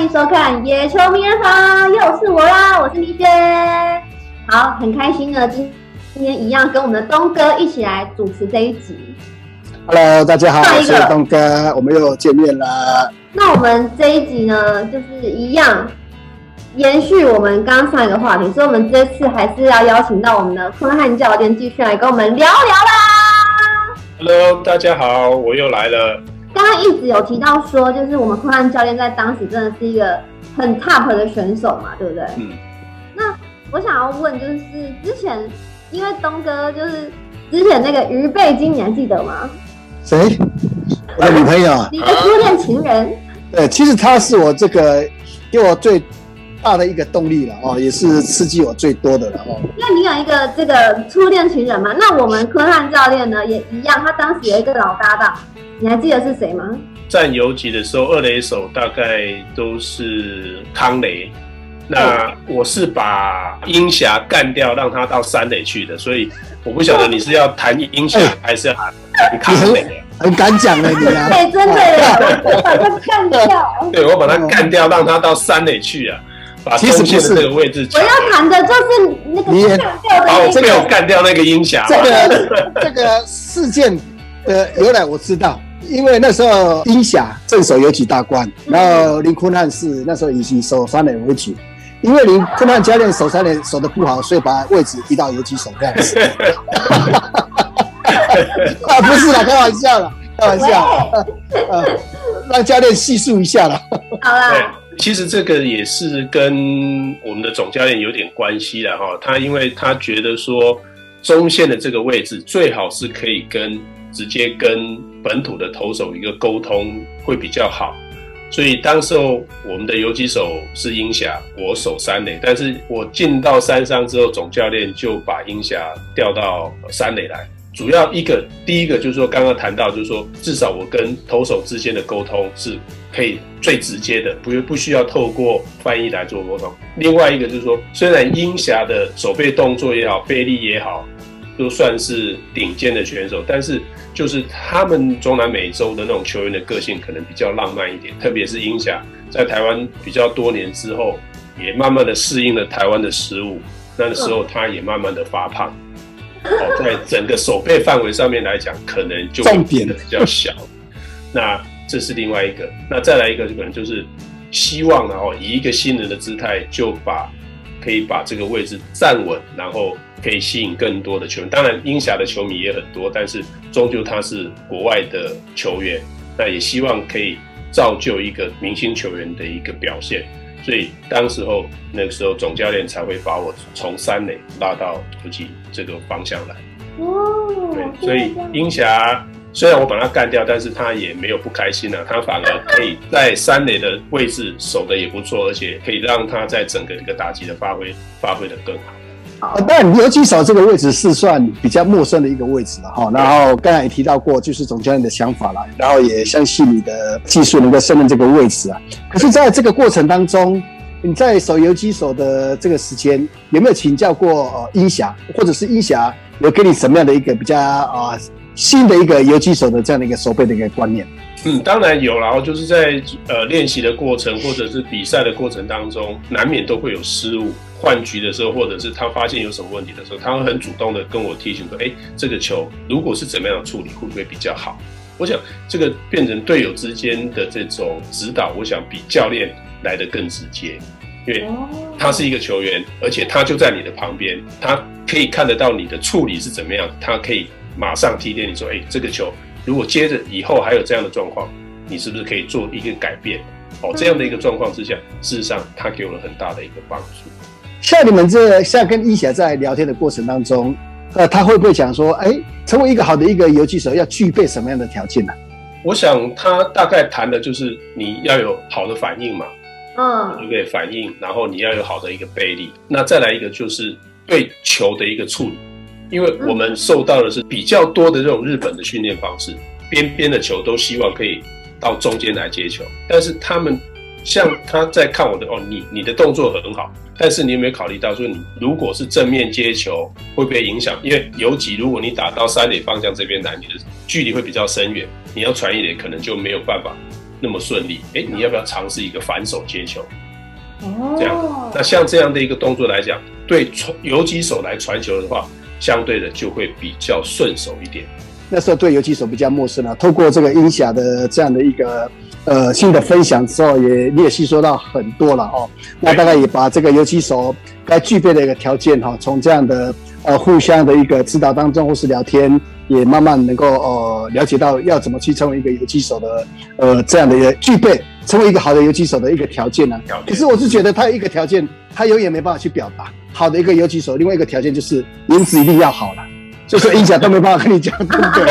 歡迎收看《野球名人房》，又是我啦，我是米雪。好，很開心呢，今今天一樣跟我們的東哥一起來主持這一集。Hello，大家好，我是東哥，我們又見面了。那我們這一集呢，就是一樣延續我們剛剛上一個話題，所以我們這次還是要邀請到我們的琨瀚教練繼續來跟我們聊聊啦。Hello，大家好，我又來了。一直有提到說，就是我們琨瀚教練在當時真的是一個很 top 的選手嘛，對不對？嗯。那我想要問，就是之前，因為東哥就是之前那個於貝金，你還記得嗎？誰？我的女朋友。 你的初戀情人。對，其實他是我這個給我最大的一個動力了哦，也是刺激我最多的了哦。那你有一個這個初戀情人嘛？那我們琨瀚教練呢也一樣，他當時有一個老搭檔，你還記得是誰嗎？戰游擊的時候，二壘手大概都是康雷，那我是把鷹俠幹掉，讓他到三壘去的，所以我不曉得你是要談鷹俠還是要談康雷。欸。很敢講的，對，啊、哎，真的，我把他幹掉，對，我把他幹掉，讓他到三壘去啊。把的位置其實不是，我要談的就是那個我，鷹俠。這個我幹掉那個鷹俠。這個 這個事件的由來我知道，因為那時候鷹俠鎮守游擊大關，然後林琨瀚是那時候以以守三壘為主，因為林琨瀚教練守三壘守得不好，所以把位置移到游擊手那樣子。啊，不是啦，開玩笑啦，開玩笑，喂啊、讓教練細數一下啦。好啦啦。 其實這個也是跟我們的總教練有點關係的哈，他因為他覺得說，中線的這個位置最好是可以跟直接跟本土的投手一個溝通會比較好，所以當時候我們的游擊手是鷹俠，我守三壘，但是我進到三商之後，總教練就把鷹俠調到三壘來。主要一個，第一個就是說，剛剛談到就是說，至少我跟投手之間的溝通是可以最直接的，不不需要透過翻譯來做溝通。另外一個就是說，雖然鷹俠的守備動作也好，臂力也好，都算是頂尖的選手，但是就是他們中南美洲的那種球員的個性可能比較浪漫一點，特別是鷹俠在台灣比較多年之後，也慢慢的適應了台灣的食物，那個時候他也慢慢的發胖。嗯哦，在整個守備範圍上面來講，可能就變得比較小。重點 那這是另外一個。那再來一個，就可能就是希望哦，以一個新人的姿態，就把可以把這個位置站穩，然後可以吸引更多的球迷。當然，鷹俠的球迷也很多，但是終究他是國外的球員，那也希望可以造就一個明星球員的一個表現。所以當時候，那個時候總教練才會把我從三壘拉到游擊這個方向來。哦，對，所以英霞，雖然我把他幹掉，但是他也沒有不開心啊，他反而可以在三壘的位置守得也不錯，而且可以讓他在整個一個打擊的發揮發揮得更好。當然，游擊手這個位置是算比較陌生的一個位置了哈。然後剛才也提到過，就是總教練的想法啦。然後也相信你的技術能夠勝任這個位置啊。可是在這個過程當中，你在守游擊手的這個時間，有沒有請教過呃伊霞，或者是伊霞有給你什麼樣的一個比較啊、呃、新的一個游擊手的這樣的一個守備的一個觀念？嗯，當然有。然後就是在呃練習的過程，或者是比賽的過程當中，難免都會有失誤。換局的時候，或者是他發現有什麼問題的時候，他會很主動的跟我提醒說：“欸，這個球如果是怎麼樣處理，會不會比較好？”我想這個變成隊友之間的這種指導，我想比教練來得更直接，因為他是一個球員，而且他就在你的旁邊，他可以看得到你的處理是怎麼樣，他可以馬上提點你說：“欸，這個球如果接着以後還有這樣的狀況，你是不是可以做一個改變？”哦，這樣的一個狀況之下，事實上他給我了很大的一個幫助。像你們這像跟伊霞在聊天的過程當中，呃，他會不會講說，哎、欸，成為一個好的一個游擊手要具備什麼樣的條件呢、啊？我想他大概談的就是你要有好的反應嘛，嗯，對，反應，然後你要有好的一個背力，那再來一個就是對球的一個處理，因為我們受到的是比較多的這種日本的訓練方式，邊邊的球都希望可以到中間來接球，但是他們。像他在看我的哦，你你的動作很好，但是你有沒有考慮到說你如果是正面接球會不會影響？因為游擊如果你打到三壘方向這邊來，你的距離會比較深遠，你要傳一壘可能就沒有辦法那麼順利。哎、欸，你要不要嘗試一個反手接球？哦，這樣。那像這樣的一個動作來講，對傳游擊手來傳球的話，相對的就會比較順手一點。那時候對游擊手比較陌生了，透過這個音響的這樣的一個呃新的分享之後也，也你也吸收到很多了哦。對那大概也把這個游擊手該具備的一個條件哈、哦，從這樣的呃互相的一個指導當中或是聊天，也慢慢能夠呃了解到要怎麼去成為一個游擊手的呃這樣的一個具備，成為一個好的游擊手的一個條件呢、啊。件可是我是覺得他有一個條件他永遠沒辦法去表達好的一個游擊手，另外一個條件就是音質一定要好了。就是印象都沒辦法跟你講，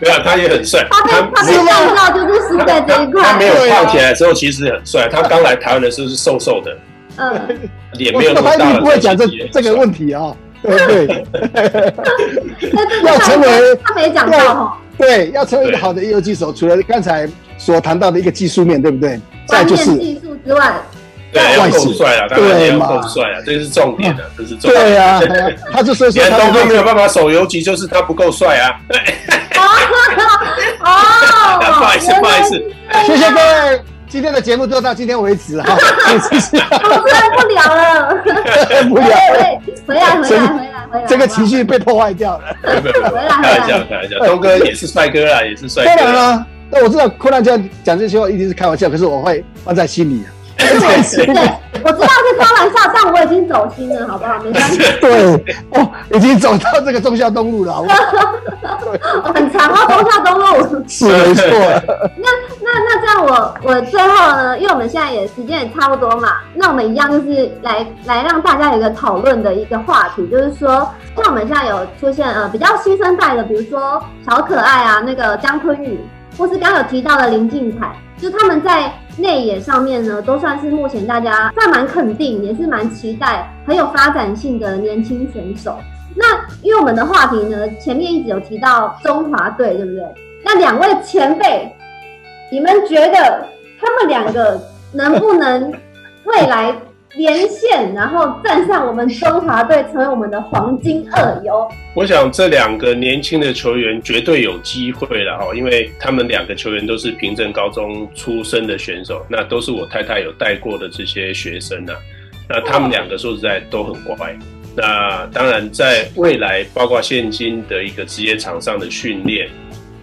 對啊，他也很帥，他被他被到就是是在這一塊他他，他沒有胖起來之後其實很帥，啊、他剛來台灣的時候是瘦瘦的，嗯，臉沒有那麼大，不會講這這個問題啊，對， 要成為他沒，他沒講到、哦、對，要成為一個好的二游手，除了剛才所談到的一個技術面，對不對？再就是技術之外。對，要夠帥啊！對嘛？要夠帥啊！這個是重點的，這是重點。對他是說說，連東哥沒有辦法，守游擊，就是他不夠帥啊。哦哦，不好意思，不好意思，謝謝各位，今天的節目就到今天為止哈，謝謝。受不了了，無聊。回來，回來，回來，回來，這個情緒被破壞掉了。回來，回來，東哥也是帥哥啊，也是帥。琨瀚啊！那我知道，琨瀚講講這些話一定是開玩笑，可是我會放在心裡。是我對，我知道是開玩笑，但我已經走心了，好不好？沒關係。對，哦，已經走到這個忠孝東路了，好不好？ 很長哦、啊，忠孝東路，是沒錯。那那那這樣我，我我最後呢，因為我們現在也時間也差不多嘛，那我們一樣就是來來讓大家有一個討論的一個話題，就是說，像我們現在有出現呃比較新生代的，比如說小可愛啊，那個江坤宇。或是剛剛有提到的林靖凱，就他們在內野上面呢，都算是目前大家算蠻肯定，也是蠻期待，很有發展性的年輕選手。那因為我們的話題呢，前面一直有提到中華隊，對不對？那兩位前輩，你們覺得他們兩個能不能未來？連線，然後站上我們中華隊，成為我們的黃金二游。我想這兩個年輕的球員絕對有機會了哦，因為他們兩個球員都是平鎮高中出身的選手，那都是我太太有帶過的這些學生吶、啊。那他們兩個說實在都很乖。哦、那當然，在未來包括現今的一個職業場上的訓練。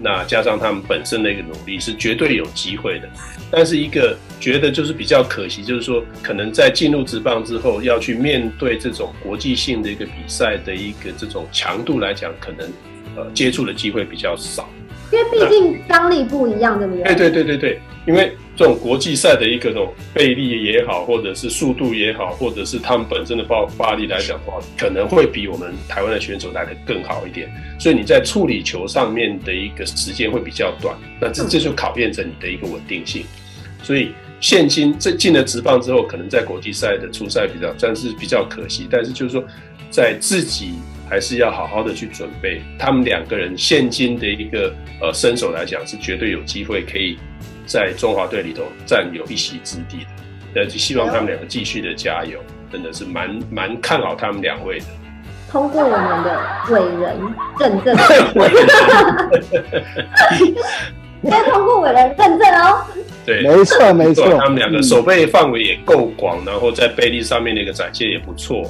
那加上他們本身的一個努力，是絕對有機會的。但是一個覺得就是比較可惜，就是說可能在進入職棒之後，要去面對這種國際性的一個比賽的一個這種強度來講，可能、呃、接觸的機會比較少，因為畢竟張力不一樣的，對不對？對對對對，因為。這種國際賽的一個這種倍力，也好，或者是速度也好，或者是他們本身的爆發力來講的話，可能會比我們台灣的選手來的更好一點。所以你在處理球上面的一個時間會比較短，那這這就考驗着你的一個穩定性。所以現今這進了職棒之後，可能在國際賽的初賽比較，算是比較可惜。但是就是說，在自己還是要好好的去準備。他們兩個人現今的一個呃身手來講，是絕對有機會可以，在中華隊裡頭占有一席之地的，就希望他們兩個繼續的加油，真的是蠻蠻看好他們兩位的。通過我們的偉人認證，先通過偉人認證哦。對，沒錯沒錯，吧他們兩個守備範圍也夠廣，嗯、然後在臂力上面那個展現也不錯。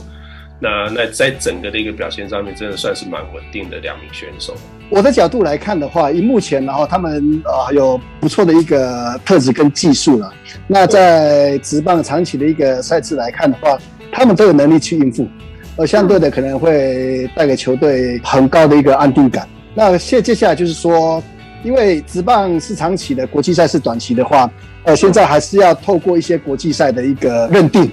那那在整個的一個表現上面，真的算是蠻穩定的兩名選手。我的角度來看的話，以目前然後他們呃有不錯的一個特質跟技術了。那在職棒長期的一個賽制來看的話，他們都有能力去應付。呃，相對的，可能會帶給球隊很高的一個安定感。那接接下來就是說，因為職棒是長期的，國際賽是短期的話，呃，現在還是要透過一些國際賽的一個認定。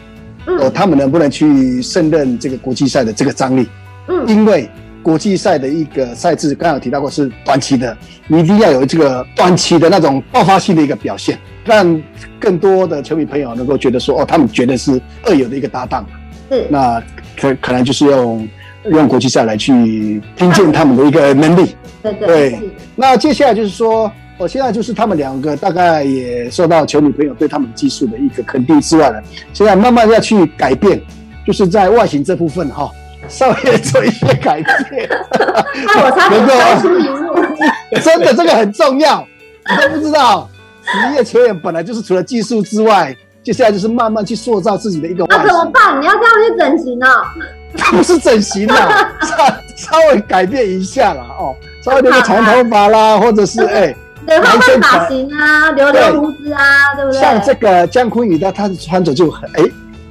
呃、哦、他們能不能去勝任這個國際賽的這個張力？嗯，因為國際賽的一個賽制，剛剛有提到過是短期的，你一定要有這個短期的那種爆發性的一個表現，讓更多的球迷朋友能夠覺得說，哦，他們覺得是二游的一個搭檔。嗯，那可可能就是用用國際賽來去拼盡他們的一個能力。對、嗯、對，對對對，那接下來就是說。我現在就是他們兩個，大概也受到球迷朋友對他們技術的一個肯定之外了。現在慢慢要去改變，就是在外形這部分哈，喔，稍微做一些改變。有夠嗎？真的，這個很重要。對 你都不知道，職業球員本來就是除了技術之外，接下來就是慢慢去塑造自己的一個外形。那怎麼辦？你要這樣去整形啊？不是整形啦，稍微改變一下啦，哦，稍微留個長頭髮啦，或者是哎、欸。對，換換髮型啊，留留鬍子啊，對，對不對？像這個江坤宇的，他的穿着就很哎、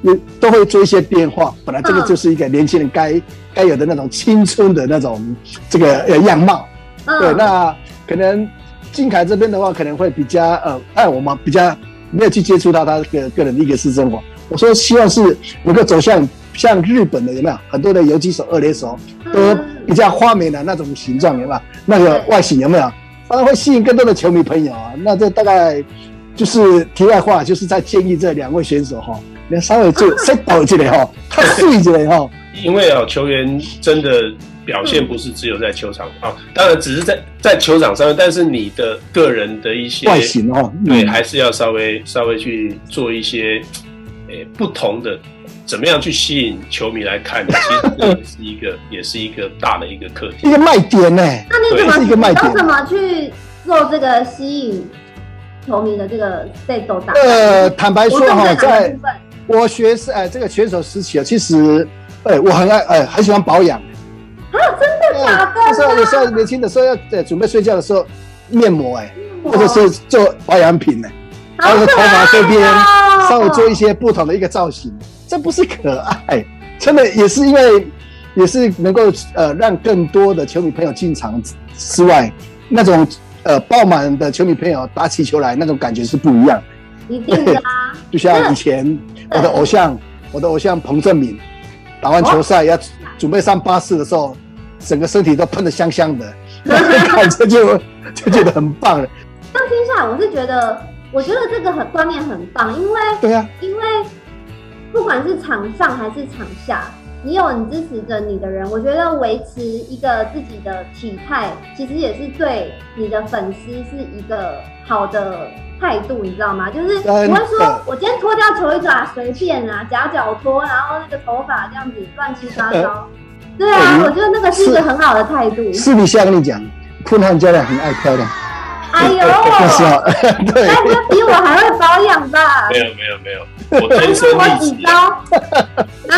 欸，都會做一些變化。本來這個就是一個年輕人該該、嗯、有的那種青春的那種這個樣貌。嗯、對，那可能靖凱這邊的話，可能會比較呃，愛我嘛比較沒有去接觸到他這個個人的一個私生活。我說希望是能夠走向像日本的有沒有？很多的游擊手、二壘手都比較花美男那種形狀，有沒有？嗯、那個外形有沒有？當然會吸引更多的球迷朋友啊！那這大概就是題外話，就是在建議這兩位選手哈、喔，你要稍微做 set up 一下哈，踏步這裡哈。喔、因為啊、喔，球員真的表現不是只有在球場啊、嗯喔，當然只是在在球場上面，但是你的個人的一些外形哦、喔，對，嗯、還是要稍微稍微去做一些誒、欸、不同的。怎麼樣去吸引球迷來看呢？其實是一， 是一個，也是一個大的一個課題，一個賣點呢、欸。那你怎麼，你對、啊、怎麼去做這個吸引球迷的這個這道閘？呃，坦白說哈、喔，在，在我學是哎、欸，這個選手時期啊、喔，其實哎、欸，我很愛哎、欸，很喜歡保養、欸。啊，真的假的、啊？哥、欸，有時候，時候年輕的時候要、欸、準備睡覺的時候，面膜哎、欸，或者是做保養品呢、欸。還有、喔、頭髮這邊。稍微做一些不同的一個造型。這不是可愛，真的也是因為，也是能夠呃讓更多的球迷朋友進場之外，那種呃爆滿的球迷朋友打起球來那種感覺是不一樣，一定啦、啊，就像以前我的偶像，對我的偶像，我的偶像彭政閔打完球賽要準備上巴士的時候，整個身體都噴得香香的， 那感覺就就覺得很棒了。這樣聽下來，我是覺得。我覺得這個很觀念很棒，因為對呀、啊，因為不管是場上還是場下，你有你支持着你的人，我覺得維持一個自己的體態，其實也是對你的粉絲是一個好的態度，你知道嗎？就是不會說我今天脫掉球衣爪隨便啊，夾腳拖，然後那個頭髮這樣子亂七八糟。呃、對啊，欸、你我覺得那個是一個很好的態度。是，我先跟你講，琨瀚教練很愛漂亮。還對，我，你該比我還會保養吧 沒？沒有沒有沒有，我真是我底刀，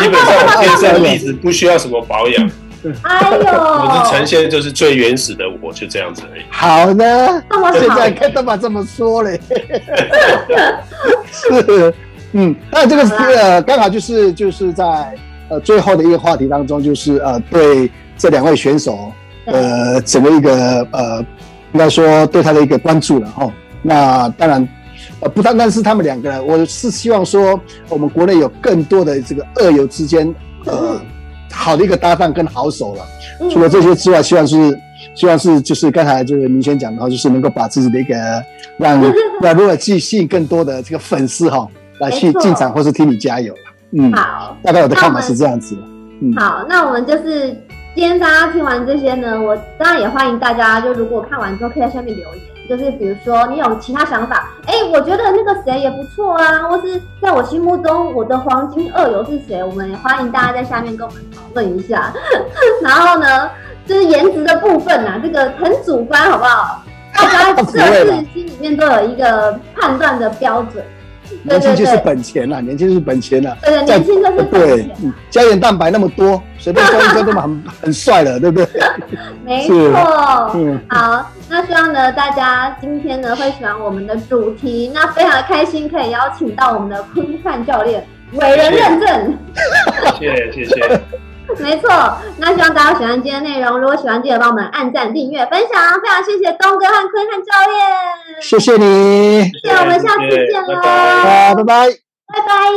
基本上天生麗質不需要什麼保養，哎呦我是呈現就是最原始的我，就這樣子而已。好呢，這現在看大媽怎麼說嘞？ 是，嗯，那這個是剛好，啦、呃、好就是就是在呃最後的一個話題當中，就是呃對這兩位選手呃怎麼一個呃。應該說對他的一個關注了哈、哦，那當然，呃，不單單是他們兩個人，我是希望說我們國內有更多的這個二游之間呃好的一個搭檔跟好手了。嗯、除了這些之外，希望是希望是就是剛才就是明軒講的話，就是能夠把自己的一個讓那 如果去吸引更多的這個粉絲哈、哦、來去進場或是替你加油。嗯，好，大概我的看法是這樣子的。嗯，好，那我們就是。今天大家聽完這些呢，我當然也歡迎大家，就如果看完之後可以在下面留言，就是比如說你有其他想法，哎、欸，我覺得那個誰也不錯啊，或是在我心目中我的黃金二游是誰，我們也歡迎大家在下面跟我們討論一下。 然後呢，就是顏值的部分啊，這個很主觀，好不好？大家各自心裡面都有一個判斷的標準。對對對年輕就是本錢吶、啊，對對對年輕就是本錢吶、啊。對的，對年輕就是對，膠原蛋白那麼多，隨便穿一身都蠻很帥的 對不對？ 沒錯錯。嗯。好，那希望呢，大家今天呢會喜歡我們的主題。 那非常開心，可以邀請到我們的琨瀚教練，偉謝人認證。謝，謝，謝謝。 沒錯，那希望大家喜歡今天的內容。如果喜歡，記得幫我們按讚、訂閱、分享。非常謝謝東哥和琨瀚教練，謝謝你。謝謝，我們下次見嘍拜、啊！拜拜拜拜。